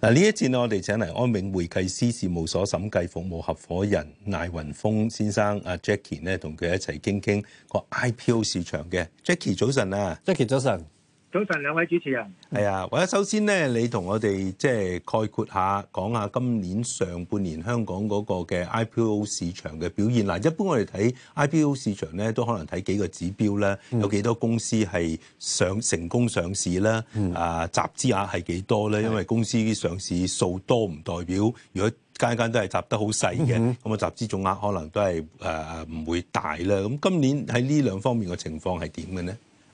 嗱，呢一節我哋請嚟安永會計師事務所審計服務合夥人賴耘峯先生，阿 Jackie 咧，同佢一齊傾傾個 IPO 市場嘅。Jackie 早晨啊！Jackie 早晨。早晨，兩位主持人。係啊，或者首先咧，你同我哋即係概括下講下今年上半年香港嗰個嘅 IPO 市場嘅表現。嗱，一般我哋睇 IPO 市場咧，都可能睇幾個指標咧，有幾多公司係上成功上市啦，嗯、啊，集資額係幾多咧？因為公司上市數多唔代表，如果間間都係集得好細嘅，咁啊、嗯嗯、集資總額可能都係呃、唔會大啦。咁今年喺呢兩方面嘅情況係點嘅咧？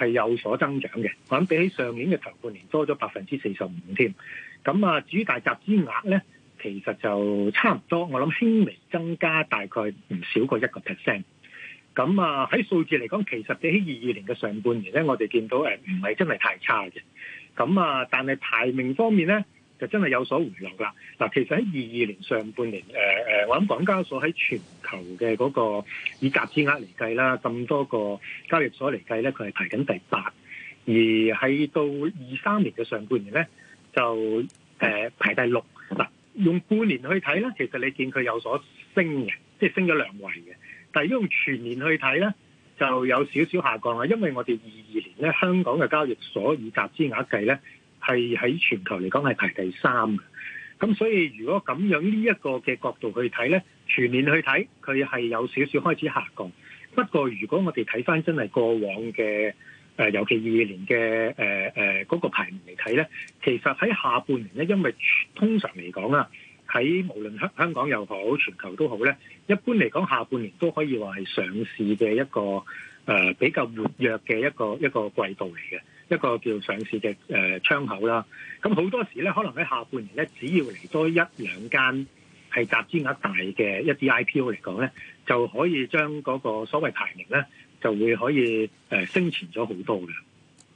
係有所增長嘅，我諗比起上年嘅頭半年多咗百分之四十五添。咁啊，至於大集資額呢，其實就差唔多，我諗輕微增加，大概唔少過一個 percent。咁啊，喺數字嚟講，其實比起二二年嘅上半年呢，我哋見到誒唔係真係太差嘅。咁啊，但係排名方面呢，就真係有所回落啦。嗱，其實喺二二年上半年，誒、呃、誒，我諗港交所喺全球嘅嗰、嗰個以集資額嚟計啦，咁多個交易所嚟計咧，佢係排緊第八。而喺到二三年嘅上半年咧，就誒排第六。嗱，用半年去睇咧，其實你見佢有所升嘅，即係升咗兩位嘅。但係如果用全年去睇咧，就有少少下降啦。因為我哋二二年咧，香港嘅交易所以集資額計咧。係喺全球嚟講係排第三嘅，咁所以如果咁樣呢一個嘅角度去睇呢，全年去睇佢係有少少開始下降。不過如果我哋睇翻真係過往嘅誒、呃，尤其二二年嘅誒誒嗰個排名嚟睇呢，其實喺下半年呢，因為通常嚟講啊，喺無論香香港又好，全球都好呢，一般嚟講下半年都可以話係上市嘅一個誒、呃、比較活躍嘅一個一個季度嚟嘅。一個叫上市嘅誒窗口啦，咁好多時咧，可能喺下半年咧，只要嚟多一兩間係集資額大嘅一啲 IPO 嚟講咧，就可以將嗰個所謂排名咧，就會可以誒升前咗好多嘅。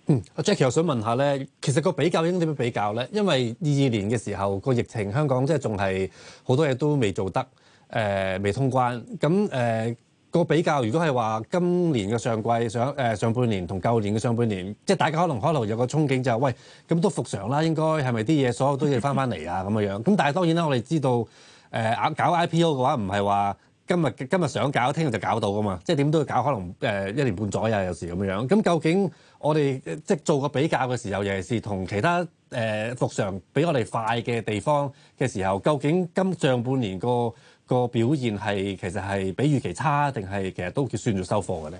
嗯，阿、啊、Jackie 我想問一下咧，其實個比較應該點樣比較咧？因為二二年嘅時候個疫情，香港即係仲係好多嘢都未做得，誒、呃、未通關，咁誒，呃個比較，如果係話今年嘅上季上、呃、上半年同舊年嘅上半年，即係大家可能可能有個憧憬就係、是、喂，咁都復常啦，應該係咪啲嘢所有都要翻翻嚟啊咁樣樣？咁但係當然啦，我哋知道誒、呃、搞 IPO 嘅話，唔係話今日今日想搞，聽日就搞到噶嘛。即係點都要搞，可能誒、呃、一年半左右、啊、有時咁樣樣。咁究竟我哋即係做個比較嘅時候，尤其是同其他誒、呃、復常比我哋快嘅地方嘅時候，究竟今上半年個？個表現係其實係比預期差，定係其實都叫算做收貨嘅咧？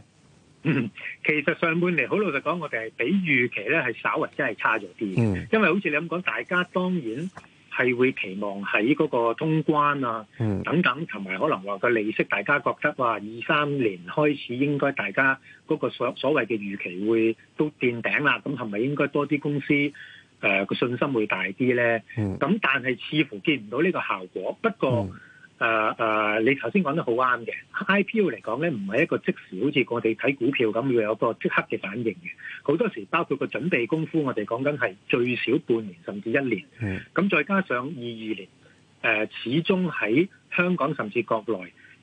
嗯，其實上半年好老實講，我哋係比預期咧係稍為真係差咗啲。嗯，因為好似你咁講，大家當然係會期望喺嗰個通關啊，等等同埋、嗯、可能話個利息，大家覺得話二三年開始應該大家嗰個所所謂嘅預期會都見頂啦。咁係咪應該多啲公司誒個、呃、信心會大啲咧？咁、嗯、但係似乎見唔到呢個效果。不過、嗯誒誒、啊啊，你頭先講得好啱嘅，IPO 嚟講咧，唔係一個即時，好似我哋睇股票咁，要有個即刻嘅反應嘅。好多時，包括個準備功夫，我哋講緊係最少半年，甚至一年。咁再加上二二年，誒、啊，始終喺香港甚至國內，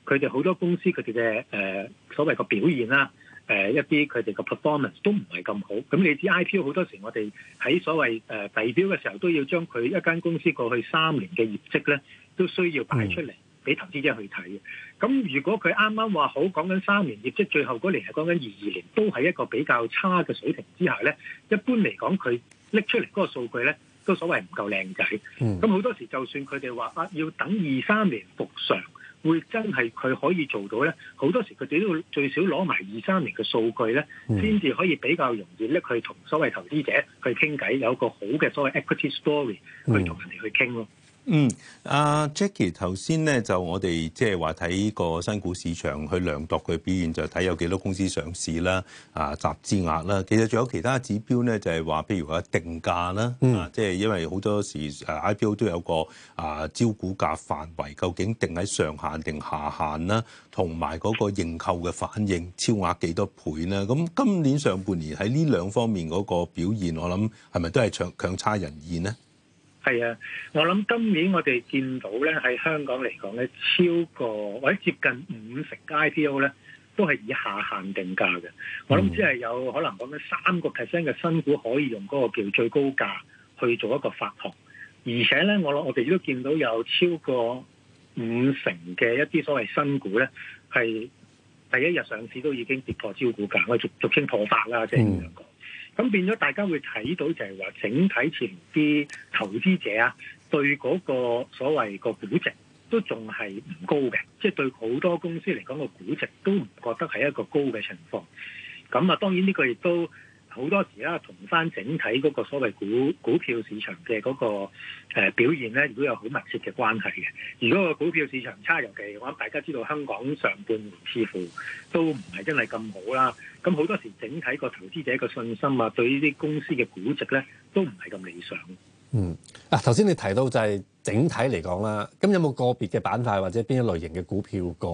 佢哋好多公司佢哋嘅誒所謂個表現啦，誒、啊、一啲佢哋嘅 performance 都唔係咁好。咁你知 IPO 好多時我，我哋喺所謂誒遞表嘅時候，都要將佢一間公司過去三年嘅業績咧，都需要擺出嚟。嗯俾投資者去睇嘅，咁如果佢啱啱話好講緊三年業績，係最後嗰年係講緊二二年，都係一個比較差嘅水平之下咧，一般嚟講佢拎出嚟嗰個數據咧，都所謂唔夠靚仔。咁好多時候就算佢哋話啊，要等二三年復常，會真係佢可以做到咧？好多時佢哋都最少攞埋二三年嘅數據咧，先至可以比較容易咧，去同所謂投資者去傾偈，有一個好嘅所謂 equity story 去同人哋去傾咯。嗯，啊、mm. Jackie 頭先咧就我哋即係話睇個新股市場去量度佢表現，就睇有幾多公司上市啦，啊集資額啦。其實仲有其他指標咧，就係話譬如話定價啦，即係、mm. 因為好多時 IPO 都有個啊招股價範圍，究竟定喺上限定下限啦，同埋嗰個認購嘅反應超額幾多倍咧？咁今年上半年喺呢兩方面嗰個表現，我諗係咪都係強差人意呢？係啊，我諗今年我哋見到咧，喺香港嚟講咧，超過或者接近五成 IPO 咧，都係以下限定價嘅。我諗只係有可能講緊三個 percent 嘅新股可以用嗰個叫最高價去做一個發行，而且咧，我諗我哋都見到有超過五成嘅一啲所謂新股咧，係第一日上市都已經跌破招股價，俗俗稱破發啦，即係咁樣講。咁變咗，大家會睇到就係話，整體前啲投資者啊，對嗰個所謂個估值都仲係唔高嘅，即係對好多公司嚟講個估值都唔覺得係一個高嘅情況。咁啊，當然呢個亦都，好多時啦，同翻整體嗰個所謂股股票市場嘅嗰個、呃、表現咧，如果有好密切嘅關係嘅。如果個股票市場差，尤其我諗大家知道香港上半年似乎都唔係真係咁好啦。咁好多時整體個投資者嘅信心啊，對呢啲公司嘅估值咧，都唔係咁理想。嗯，嗱、啊，頭先你提到就係整體嚟講啦，咁有冇個別嘅板塊或者邊一類型嘅股票個、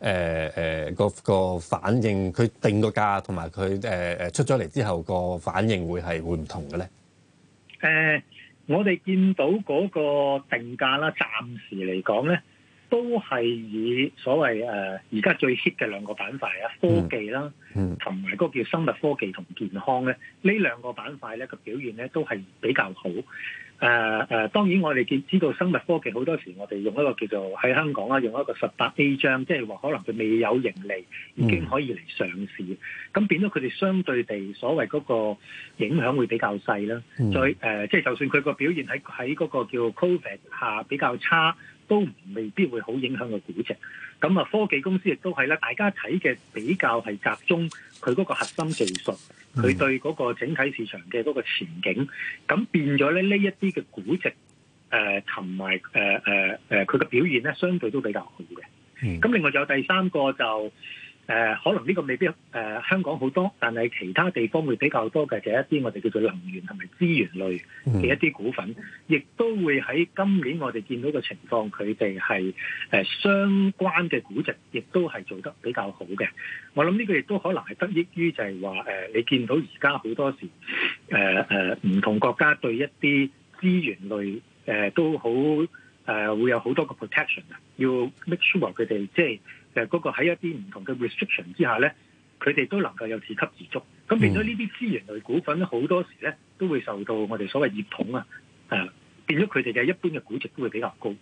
呃呃、個誒誒個反應，佢定個價同埋佢誒誒出咗嚟之後個反應會係會唔同嘅咧？誒、呃，我哋見到嗰個定價啦，暫時嚟講咧。都係以所謂誒而家最 hit 嘅兩個板塊啊，mm. Mm. 科技啦，同埋嗰個叫生物科技同健康咧，呢兩個板塊咧個表現咧都係比較好。誒、呃、誒、呃，當然我哋見知道生物科技好多時，我哋用一個叫做喺香港啦，用一個十八 A 章，即係話可能佢未有盈利、mm. 已經可以嚟上市，咁變咗佢哋相對地所謂嗰個影響會比較細啦。再誒、mm.，即、呃、係、就是、就算佢個表現喺喺嗰個叫 COVID 下比較差，都未必會好影響個估值，咁啊科技公司亦都係啦，大家睇嘅比較係集中佢嗰個核心技術，佢對嗰個整體市場嘅嗰個前景，咁變咗咧呢一啲嘅估值，誒同埋誒誒誒佢嘅表現咧，相對都比較好嘅。咁另外仲有第三個就。誒、呃、可能呢個未必誒、呃、香港好多，但係其他地方會比較多嘅就係、一啲我哋叫做能源同埋資源類嘅一啲股份，亦都會喺今年我哋見到嘅情況，佢哋係相關嘅估值，亦都係做得比較好嘅。我諗呢個亦都可能係得益於就係話、呃、你見到而家好多時誒誒唔同國家對一啲資源類誒、呃、都好誒、呃、會有好多個 protection 啊，要 make sure 佢哋即係。其實嗰個喺一啲唔同嘅 restriction 之下咧，佢哋都能夠有自給自足。咁變咗呢啲資源類股份，好多時咧都會受到我哋所謂熱捧啊！誒，變咗佢哋嘅一般嘅估值都會比較高。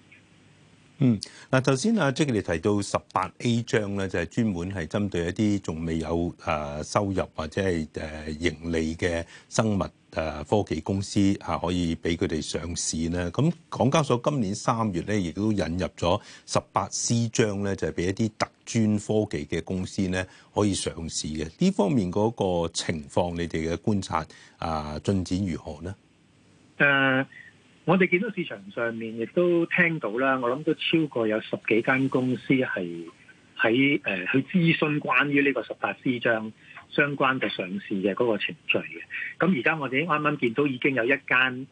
嗯，嗱，頭先啊 Judy 你提到十八 A 章咧，就係、是、專門係針對一啲仲未有收入或者係盈利嘅生物科技公司可以俾佢哋上市咧。咁港交所今年三月咧，亦都引入咗十八 C 章咧，就係、是、俾一啲特專科技嘅公司咧可以上市嘅。呢方面嗰個情況，你哋嘅觀察啊進展如何呢？Uh 我哋見到市場上面亦都聽到啦，我諗都超過有十幾間公司係喺誒去諮詢關於呢個十八 C 章相關嘅上市嘅嗰個程序嘅。咁而家我哋啱啱見到已經有一間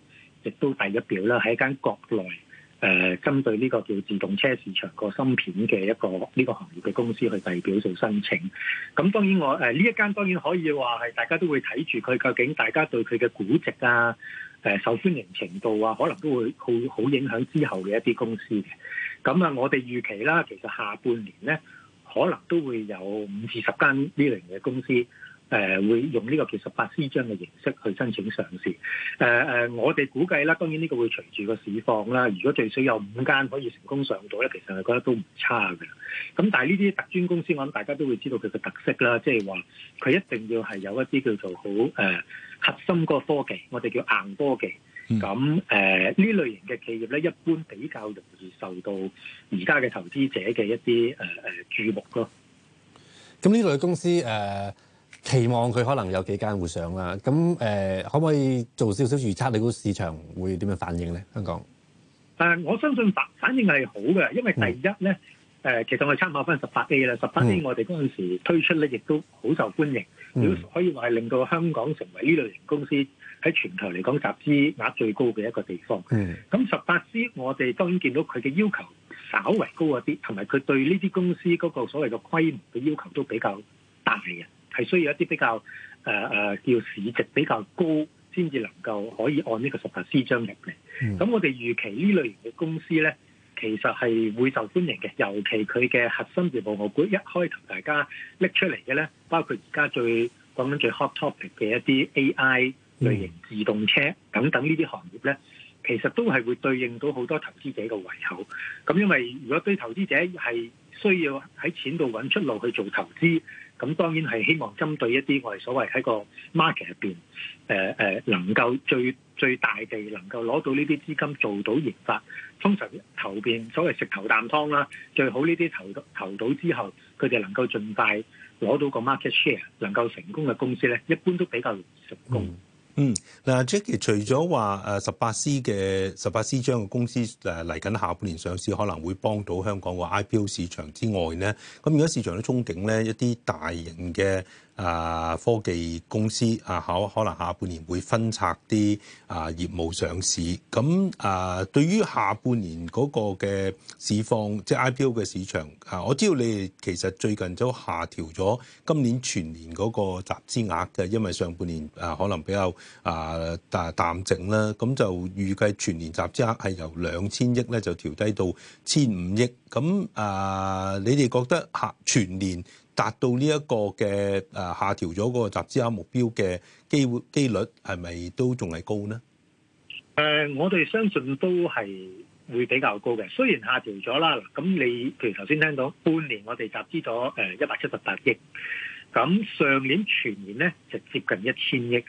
亦都遞表啦，喺一間國內誒針對呢個叫自動車市場個芯片嘅一個呢、這個行業嘅公司去遞表做申請。咁當然我誒呢、呃、一間當然可以話係大家都會睇住佢，究竟大家對佢嘅估值啊，誒受歡迎程度啊，可能都會好好影響之後嘅一啲公司嘅。咁啊，我哋預期啦，其實下半年呢，可能都會有五至十間呢類型嘅公司。誒、呃、會用呢個叫十八 C 章嘅形式去申請上市。誒、呃、誒、呃，我哋估計啦，當然呢個會隨住個市況啦。如果最少有五間可以成功上到咧，其實係覺得都唔差㗎。咁但係呢啲特專公司，我諗大家都會知道佢嘅特色啦，即係話佢一定要係有一啲叫做好誒、呃、核心嗰個科技，我哋叫硬科技。咁誒呢類型嘅企業咧，一般比較容易受到而家嘅投資者嘅一啲誒誒注目咯。咁呢類公司誒、呃期望佢可能有幾間會上啦、啊，咁誒、呃、可唔可以做少少預測？你估市場會點樣反應咧？香港誒、呃，我相信反反應係好嘅，因為第一咧誒、嗯呃，其實我哋參考翻十八 A 啦，十八 A 我哋嗰陣時推出咧，亦都好受歡迎，可、嗯、以話係令到香港成為呢類型公司喺全球嚟講集資額最高嘅一個地方。咁十八 C 我哋當然見到佢嘅要求稍為高一啲，同埋佢對呢啲公司嗰個所謂嘅規模嘅要求都比較大嘅。係需要一啲比較誒誒、呃啊、叫市值比較高，先至能夠可以按呢個十八 C 章入嚟。咁、mm. 我哋預期呢類型嘅公司咧，其實係會受歡迎嘅，尤其佢嘅核心業務，我估一開頭大家拎出嚟嘅咧，包括而家最講緊最 hot topic 嘅一啲 AI 類型自動車等等呢啲行業咧。其實都係會對應到好多投資者嘅胃口，咁因為如果對投資者係需要喺錢度搵出路去做投資，咁當然係希望針對一啲我哋所謂喺個 market 入面，誒、呃、能夠最最大地能夠攞到呢啲資金做到營發，通常投邊所謂食頭啖湯啦，最好呢啲投投到之後，佢哋能夠盡快攞到個 market share，能夠成功嘅公司呢，一般都比較成功。嗯嗯，嗱，Jackie，除咗話誒十八 C 嘅十八 C 章個公司誒嚟緊下半年上市，可能會幫到香港個 IPO 市場之外咧，咁而家市場都憧憬咧一啲大型嘅。啊，科技公司啊，考可能下半年會分拆啲啊業務上市。咁啊，對於下半年嗰個嘅市況，即係 IPO 嘅市場啊，我知道你哋其實最近都下調咗今年全年嗰個集資額嘅，因為上半年啊可能比較啊淡靜啦。咁就預計全年集資額係由兩千億咧就調低到千五億。咁啊，你哋覺得下全年？達到呢一個嘅誒下調咗嗰個集資額目標嘅機會機率係咪都仲係高呢？誒、呃，我哋相信都係會比較高嘅。雖然下調咗啦，咁你譬如頭先聽到半年我哋集資咗誒一百七十八億，咁上年全年咧就接近一千億。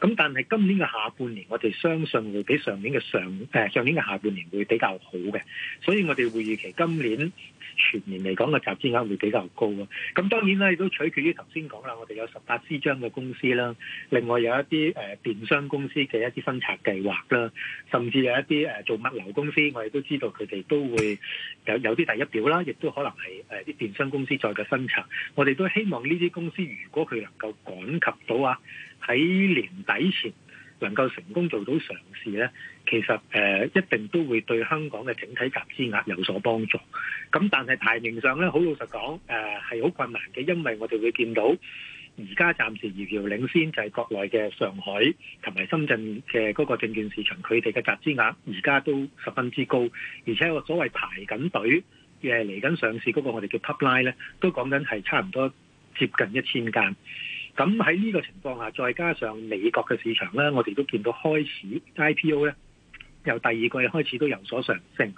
咁但係今年嘅下半年，我哋相信會比上年嘅上，誒、呃、上年嘅下半年會比較好嘅，所以我哋會預期今年全年嚟講嘅集資額會比較高啊！咁當然啦，亦都取決於頭先講啦，我哋有十八支章嘅公司啦，另外有一啲誒、呃、電商公司嘅一啲分拆計劃啦，甚至有一啲誒、呃、做物流公司，我哋都知道佢哋都會有有啲第一表啦，亦都可能係誒啲電商公司再嘅分拆。我哋都希望呢啲公司如果佢能夠趕及到啊！喺年底前能夠成功做到上市呢，其實誒、呃、一定都會對香港嘅整體集資額有所幫助。咁但係排名上呢，好老實講誒係好困難嘅，因為我哋會見到而家暫時遙遙領先就係國內嘅上海同埋深圳嘅嗰個證券市場，佢哋嘅集資額而家都十分之高，而且我所謂排緊隊嘅嚟緊上市嗰個我哋叫 pipeline 呢，都講緊係差唔多接近一千間。咁喺呢個情況下，再加上美國嘅市場呢，我哋都見到開始 IPO 呢由第二季開始都有所上升。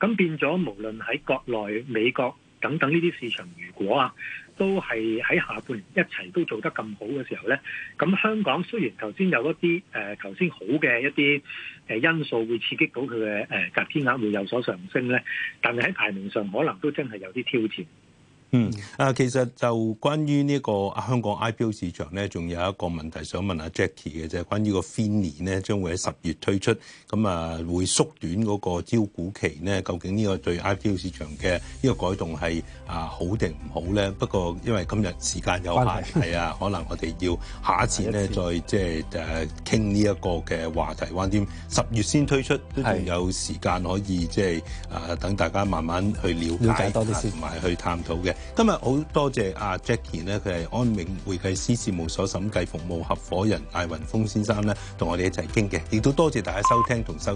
咁變咗，無論喺國內、美國等等呢啲市場，如果啊，都係喺下半年一齊都做得咁好嘅時候呢，咁香港雖然頭先有一啲誒頭先好嘅一啲誒因素會刺激到佢嘅誒集資額會有所上升呢，但係喺排名上可能都真係有啲挑戰。嗯，啊，其實就關於呢個香港 IPO 市場咧，仲有一個問題想問阿 Jackie 嘅啫，就係，關於個 FINI 咧，將會喺十月推出，咁啊會縮短嗰個招股期咧，究竟呢個對 IPO 市場嘅呢個改動係啊好定唔好咧？不過因為今日時間有限，係係啊，可能我哋要下一次咧係再即係誒傾呢一個嘅話題，橫掂十月先推出都仲有時間可以即係啊等大家慢慢去了解多啲先，同埋去探討嘅。今日好多謝阿 Jackie 咧，佢係安永會計師事務所審計服務合夥人賴耘峯先生咧，同我哋一齊傾嘅，亦都多謝大家收聽同收。